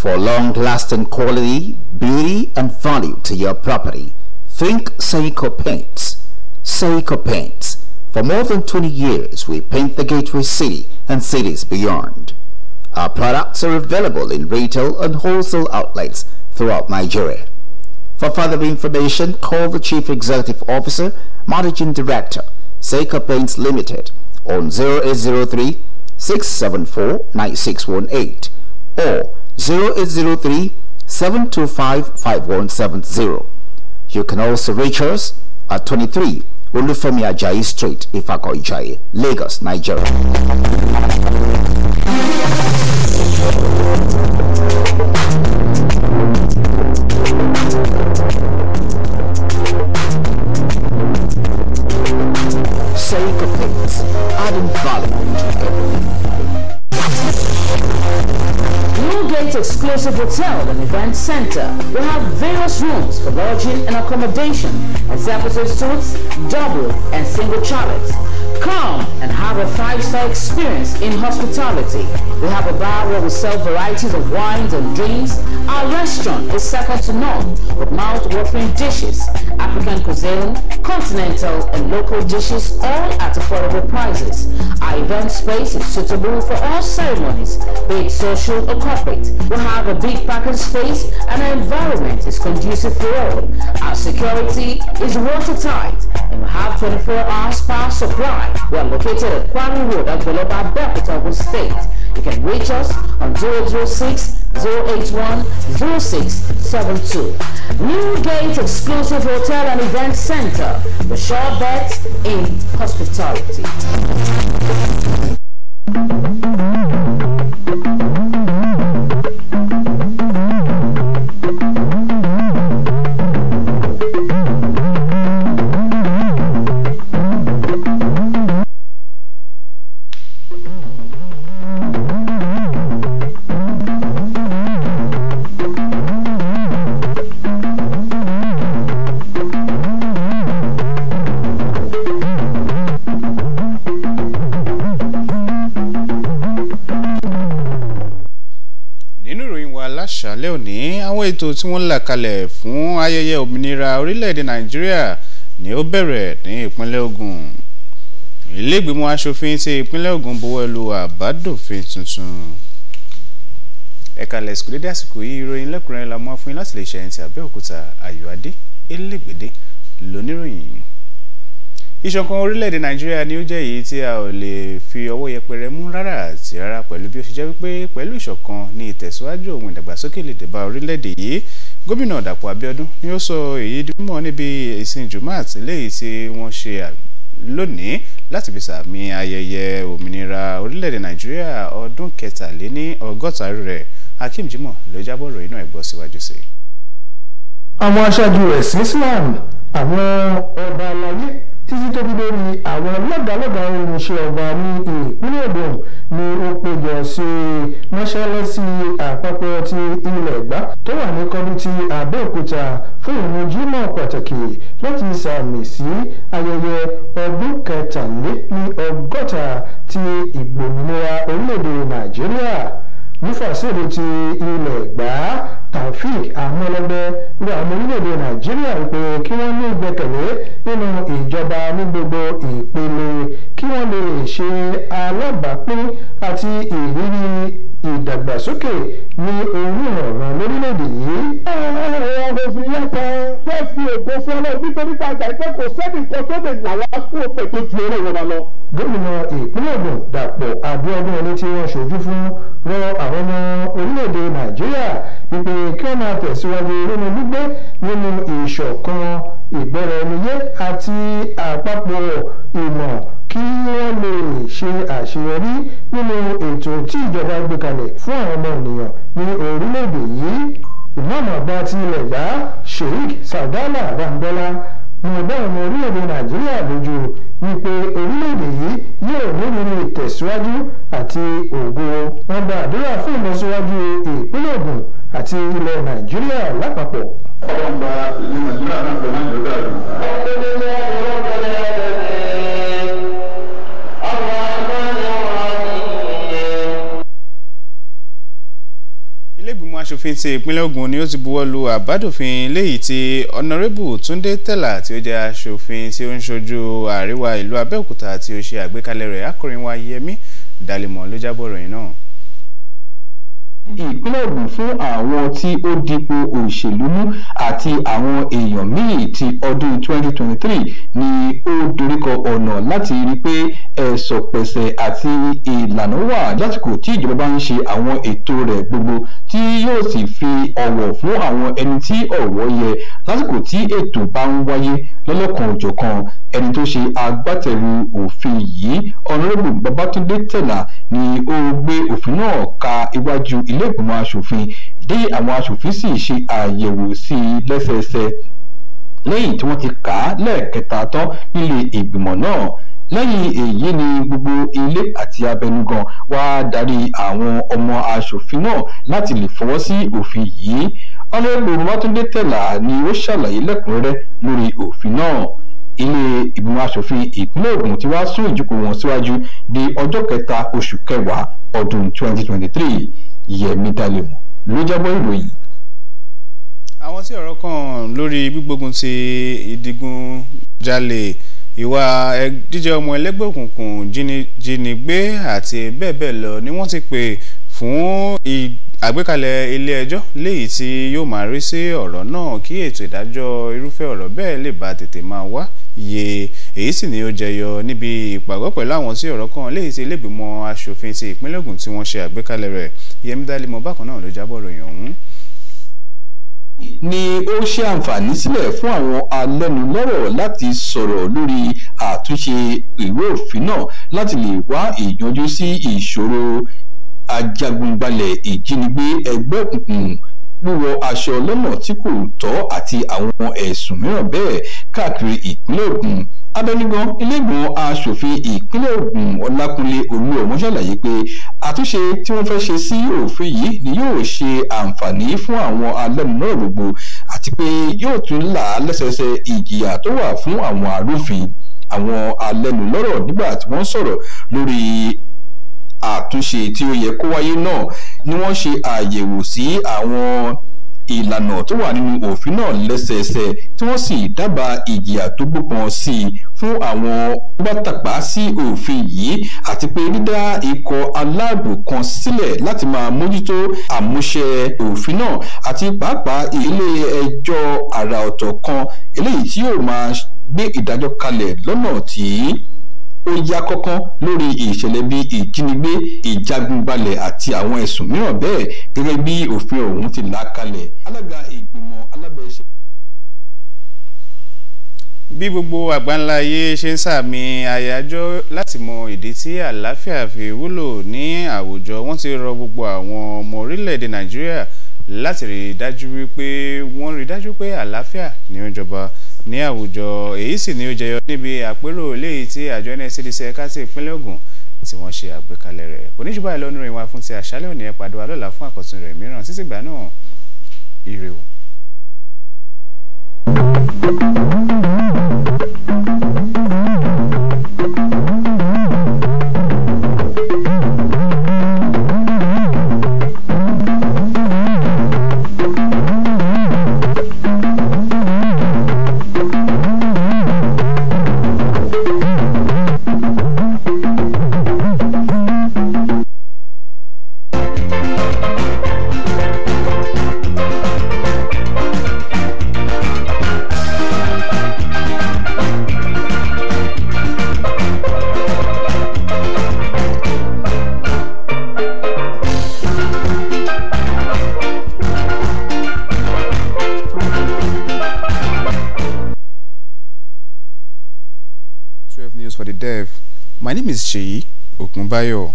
for long-lasting quality, beauty, and value to your property. Think Seiko Paints. Seiko Paints. For more than 20 years, we paint the Gateway City and cities beyond. Our products are available in retail and wholesale outlets throughout Nigeria. For further information, call the Chief Executive Officer, Managing Director, Seiko Paints Limited on 0803 674 9618 or 0803 725 5170. You can also reach us at 23 Olufemi Ajayi Street, Ifako Ijayi, Lagos, Nigeria. Say of things, adding value to everything. exclusive hotel and event center. We have various rooms for lodging and accommodation, executive suites, double and single chalets. Come and have a five-star experience in hospitality. We have a bar where we sell varieties of wines and drinks. Our restaurant is second to none with mouth-watering dishes, African cuisine, continental and local dishes, all at affordable prices. Our event space is suitable for all ceremonies, be it social or corporate. We have a big parking space and our environment is conducive for all. Our security is watertight and have 24 hours power supply. We are located at Kwame Road at Goloba, Beppet, State. You can reach us on 006 081 0672. Newgate Exclusive Hotel and Event Center. The sure bet in hospitality. ètò tí wọ́n là kalẹ̀ fún ayẹyẹ òmìnira orílẹ̀-èdè nàìjíríà ni ó bẹ̀rẹ̀ ní ìpínlẹ̀ Ògùn ilé asòfin ti ìpínlẹ̀ Ògùn buwọ́ lu àbádòfin tuntun ẹ̀ka lẹ́sìkò dédé àsìkò yìí ìròyìn lẹ́kùnrin la fún yín láti lè ṣẹ̀yìn ti Abẹ́òkúta Ayọ̀adé Elégbèdé lóníròyìn ìṣọ̀kan orílẹ̀-èdè nàìjíríà ni ó jẹ́ èyí tí a ò lè fi ọwọ́ yẹpẹrẹ mú rárá àti rárá pẹ̀lú bí ó ṣe jẹ́ wípé pẹ̀lú ìṣọ̀kan ni ìtẹ̀síwájú òun ìdàgbàsókè lè dé bá orílẹ̀-èdè yìí gómìnà dàpọ̀ abíọ́dún ni ó sọ èyí di mímọ̀ níbi ìsìn jùmọ̀ àtìlẹ́yìn tí wọ́n ṣe lónìí láti fi sàmì ayẹyẹ òmìnira orílẹ̀-èdè nàìjíríà ọdún kẹtàléní ọgọ́ta rẹ̀ Hakeem Jimoh ló jábọ̀ ròyìn náà àwọn aṣáájú ẹ̀sìn Islam àwọn ọba aláyé títí tó fi lórí àwọn lọ́gàlọ́gà irinṣẹ́ ọba ní ìpínlẹ̀ Ògùn ni ó péjọ sí mọ́ṣáláṣí àpapọ̀ ti ilẹ̀ Ẹ̀gbá tó wà ní kọ́dún ti Abẹ́òkúta fún ìrun Jímọ̀ pàtàkì láti sàmì sí ayẹyẹ ọdún kẹtàléní ọgọ́ta ti ìgbòmìnira orílẹ̀-èdè Nàìjíríà nífàsílẹ̀ ti ilẹ̀ Ẹ̀gbá Taofik Amọ́lọ́gbẹ́ rọ àwọn orílẹ̀-èdè Nàìjíríà pé kí wọ́n ní ìgbẹ́kẹ̀lé nínú ìjọba ní gbogbo ìpele kí wọ́n lè ṣe alábàápín àti ìrírí ìdàgbàsókè ní orúnrànràn lórílẹ̀‐èdè yìí. àwọn òfin yẹn kan wọ́n fi ògo fọlọ́ nítorí pàgbà pé kò sẹ́ni kan tó lè là wá kú òpè tó ju eré wọn lọ. gómìnà ìpínlẹ̀ Ògùn Dàpọ̀ Abíọ́dún ẹni tí wọ́n ṣojú fún rọ àwọn ọmọ orílẹ̀‐èdè Nàìjíríà wípé kí wọ́n máa tẹ̀síwájú nínú gbígbé nínú ìṣọ̀kan ìgbọ́ra kí wọ́n lè ṣe àṣeyọrí nínú ètò tí ìjọba gbé kalẹ̀ fún àwọn ọmọ ènìyàn ní orílẹ̀-èdè yìí Imam àgbà ti ilẹ̀ yá Sheikh Sadala Bambola ní ọgbà ọmọ orílẹ̀-èdè Nàìjíríà lójú wípé orílẹ̀-èdè yìí yóò nírúurú ìtẹ̀síwájú àti ògo wọn gba àdúrà fún ìlọsíwájú ìpínlẹ̀ Ògùn àti ilẹ̀ Nàìjíríà lápapọ̀. ọlọ́run gba ìlú Nàìjíríà náà pẹ̀lú aṣòfin ti ìpínlẹ̀ Ògùn ni ó ti buwọ́ lu àbádòfin léyìí tí ọ̀nàrẹ́bù Túndé Tẹ̀là tí ó jẹ́ aṣòfin tí ó ń ṣojú àríwá ìlú Abẹ́òkúta tí ó ṣe àgbékalẹ̀ rẹ̀ akọrin wa Yẹmí Dálímọ̀ ló jábọ̀ ròyìn náà ìpínlẹ̀ Ògùn fún àwọn tí ó dipò òṣèlú mú àti àwọn èèyàn míì ti ọdún 2023 ni ó doríkọ ọ̀nà láti rí pé ẹ̀sọ̀ pẹ̀sẹ̀ àti ìlànà wà lásìkò tí ìjọba bá ń ṣe àwọn ètò rẹ̀ gbogbo tí yóò sì fi ọ̀wọ̀ fún àwọn ẹni tí ọ̀wọ̀ yẹ lásìkò tí ètò bá ń wáyé lọ́lọ́kan òjọ̀kan ẹni tó ṣe agbátẹrù òfin yìí ọ̀nàrẹ́bù Babátúndé Tẹ̀là ni ó gbé òfin náà ka iwájú ilé ìgbìmọ̀ asòfin dé àwọn asòfin sì ṣe àyẹ̀wò sí i lẹ́sẹẹsẹ lẹ́yìn tí wọ́n ti kà á lẹ́ẹ̀kẹta tán nílé ìgbìmọ̀ náà lẹ́yìn èyí ni gbogbo ilé àti abẹnugan wàá darí àwọn ọmọ asòfin náà láti lè fọwọ́ sí òfin yìí ọlọ́run mọ́túndé tẹ̀là ni ó ṣàlàyé lẹ́kùnrẹ́rẹ́ lórí òfin náà ilé ìgbìmọ̀ asòfin ìpínlẹ̀ Ògùn ti wá sún ìjókòó wọn síwájú di ọjọ́ kẹta oṣù kẹwàá ọdún 2023 yẹmi dalẹ̀mọ́ ló jábọ̀ ìròyìn àwọn sí ọ̀rọ̀ kan lórí gbígbógun ti ìdígun jalè ìwà jíjẹ ọmọ ẹlẹ́gbẹ́ òkùnkùn jínigbé àti bẹ́ẹ̀ bẹ́ẹ̀ lọ ni wọ́n ti pè fún àgbékalẹ̀ ilé ẹjọ́ léyìí tí yóò máa rí sí ọ̀rọ̀ náà kí ètò ìdájọ́ irúfẹ́ ọ̀rọ̀ bẹ́ẹ̀ lè bá tètè máa wá yé èyí sì ni ó jẹyọ níbi ìpàgọ́ pẹ̀lú àwọn sí ọ̀rọ̀ kan léyìí tí ilégbìmọ̀ asòfin ti ìpínlẹ̀ Ògùn tí wọ́n ṣe àgbékalẹ̀ rẹ̀ Yẹmí Dálímọ bákan náà ló jábọ̀ ròyìn ọ̀hún ni ó ṣe àǹfààní sílẹ̀ fún àwọn alẹ́nulọ́rọ̀ láti sọ̀rọ̀ lórí àtúnṣe ìwé òfin náà láti lè wá ìyanjú sí ìṣòro ajagunbalẹ̀ ìjínigbé ẹgbẹ́ òkùnkùn wíwọ aṣọ lọ́nà tí kò tọ́ àti àwọn ẹ̀sùn mìíràn bẹ́ẹ̀ káàkiri ìpínlẹ̀ Ògùn abẹnugan iléègbìmọ̀ asòfin ìpínlẹ̀ Ògùn Ọlákúnlé Olúọmọ ṣàlàyé pé àtúnṣe tí wọ́n fẹ́ ṣe sí òfin yìí ni yóò ṣe àǹfààní fún àwọn alẹ́nulọ́rọ̀ gbogbo àti pé yóò tún là á lẹ́sẹẹsẹ ìjìyà tó wà fún àwọn arúfin àwọn alẹ́nulọ́rọ̀ nígbà tí wọ́n sọ̀rọ̀ lórí àtúnṣe tí ó yẹ kó wáyé náà ni wọ́n ṣe àyẹ̀wò sí àwọn ìlànà tó wà nínú òfin náà lẹ́sẹẹsẹ tí wọ́n sì dábàá ìjìyà tó gbópọn sí i fún àwọn bátàpá sí òfin yìí àti pé dídá ikọ̀ aláàbò kan sílẹ̀ láti máa mójútó àmúṣe òfin náà àti pàápàá ilé ẹjọ́ àrà ọ̀tọ̀ kan eléyìí tí yóò máa gbé ìdájọ́ kalẹ̀ lọ́nà tí ó yá kọ́kọ́ lórí ìṣẹ̀lẹ̀ bíi ìjínigbé ìjagunbalẹ̀ àti àwọn ẹ̀sùn mìíràn bẹ́ẹ̀ gẹ́gẹ́ bí òfin ọ̀hún ti là kalẹ̀ alága ìgbìmọ̀ alábẹ́ẹ́sẹ̀. bí gbogbo àgbáńlá ayé ṣe ń sàmì àyájọ́ láti mọ ìdí tí àlàáfíà fi wúlò ní àwùjọ wọ́n ti rọ gbogbo àwọn ọmọ orílẹ̀-èdè nàìjíríà láti rí i dájú wípé wọ́n rí i dájú pé àlàáfíà ni ó ń jọba ní àwùjọ èyí sì ni ó jẹyọ níbi àpérò eléyìí tí àjọ nscdc ẹ̀ka ti ìpínlẹ̀ Ògùn tí wọ́n ṣe àgbékalẹ̀ rẹ̀ kò ní jù báyìí lọ́nu rìn wá fún ti àṣálẹ́ òní ẹ pàdé wa lọ́la fún àkọ́tún rẹ̀ mìíràn títí náà ire o. name is Sheyi Okunbayo.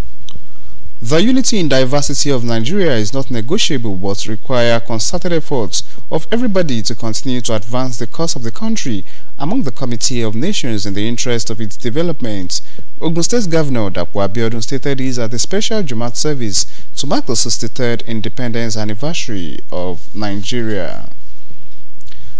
The unity in diversity of Nigeria is not negotiable but require concerted efforts of everybody to continue to advance the cause of the country among the Committee of Nations in the interest of its development. Ogun Governor Dapwa Abiodun stated this at the special Jumat service to mark the 63rd independence anniversary of Nigeria.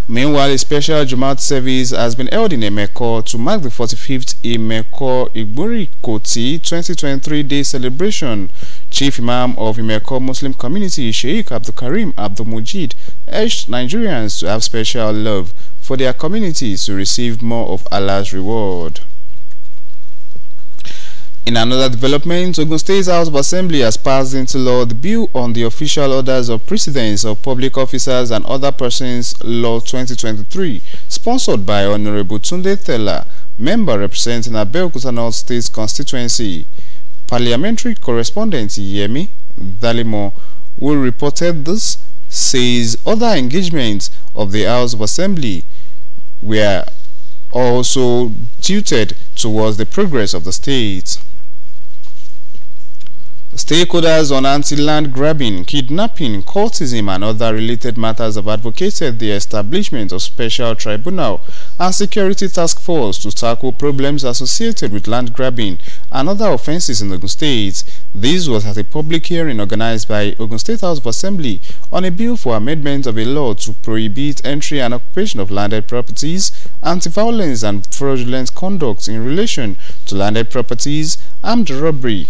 Meanwhile, a special Jumat service has been held in Emeko to mark the 45th Emeko Igburikoti 2023 Day celebration. Chief Imam of Imeko Muslim Community, Sheikh Abdul Karim urged Nigerians to have special love for their communities to receive more of Allah's reward. In another development, Ogun State House of Assembly has passed into law the Bill on the Official Orders of Precedence of Public Officers and Other Persons Law 2023, sponsored by Honorable Tunde Tella, member representing Abeokuta North State constituency. Parliamentary correspondent Yemi Dalimo, who reported this, says other engagements of the House of Assembly were also tilted towards the progress of the state. Stakeholders on anti-land grabbing, kidnapping, cultism and other related matters have advocated the establishment of special tribunal and security task force to tackle problems associated with land grabbing and other offences in Ogun State. This was at a public hearing organized by Ogun State House of Assembly on a bill for amendment of a law to prohibit entry and occupation of landed properties, anti-violence and fraudulent conduct in relation to landed properties, armed robbery,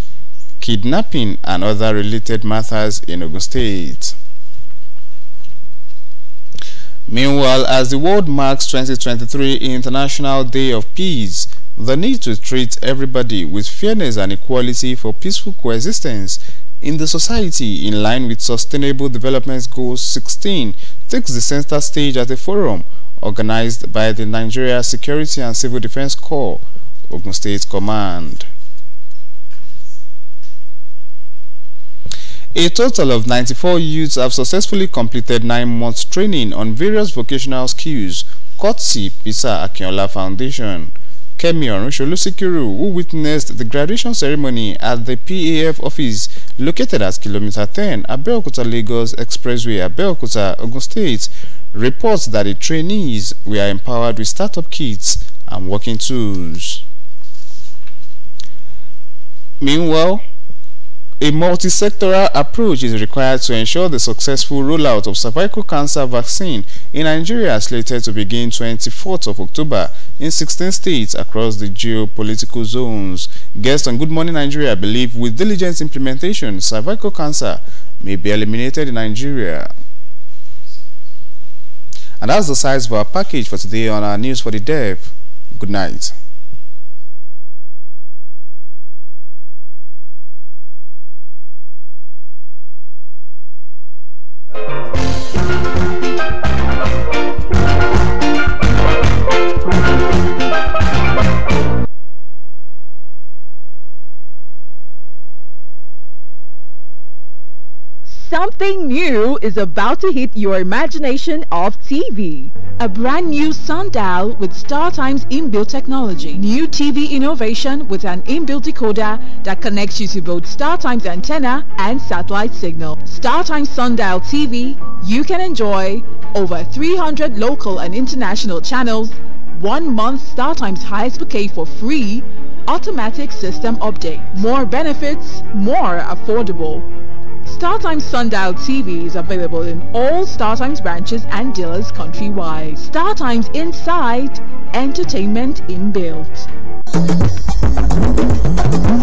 kidnapping and other related matters in Ogun State. Meanwhile, as the world marks 2023 International Day of Peace, the need to treat everybody with fairness and equality for peaceful coexistence in the society in line with Sustainable Development Goals 16 takes the center stage at a forum organized by the Nigeria Security and Civil Defense Corps, Ogun State Command. A total of 94 youths have successfully completed nine months training on various vocational skills courtesy Pisa Akinola Foundation. Kemi Orunsholu Sikiru, who witnessed the graduation ceremony at the PAF office located at Kilometer 10, Abeokuta Lagos Expressway, Abeokuta, Ogun State, reports that the trainees were empowered with startup kits and working tools. Meanwhile, A multi-sectoral approach is required to ensure the successful rollout of cervical cancer vaccine in Nigeria slated to begin 24th of October in 16 states across the geopolitical zones. Guests on Good Morning Nigeria believe with diligent implementation, cervical cancer may be eliminated in Nigeria. And that's the size of our package for today on our News for the day. Good night. Thank you. Something new is about to hit your imagination of TV. A brand new sundial with StarTime's inbuilt technology. New TV innovation with an inbuilt decoder that connects you to both StarTime's antenna and satellite signal. StarTimes Sundial TV, you can enjoy over 300 local and international channels, one month StarTime's highest bouquet for free, automatic system update. More benefits, more affordable. StarTimes Sundial TV is available in all StarTimes branches and dealers countrywide. StarTimes Inside, entertainment inbuilt.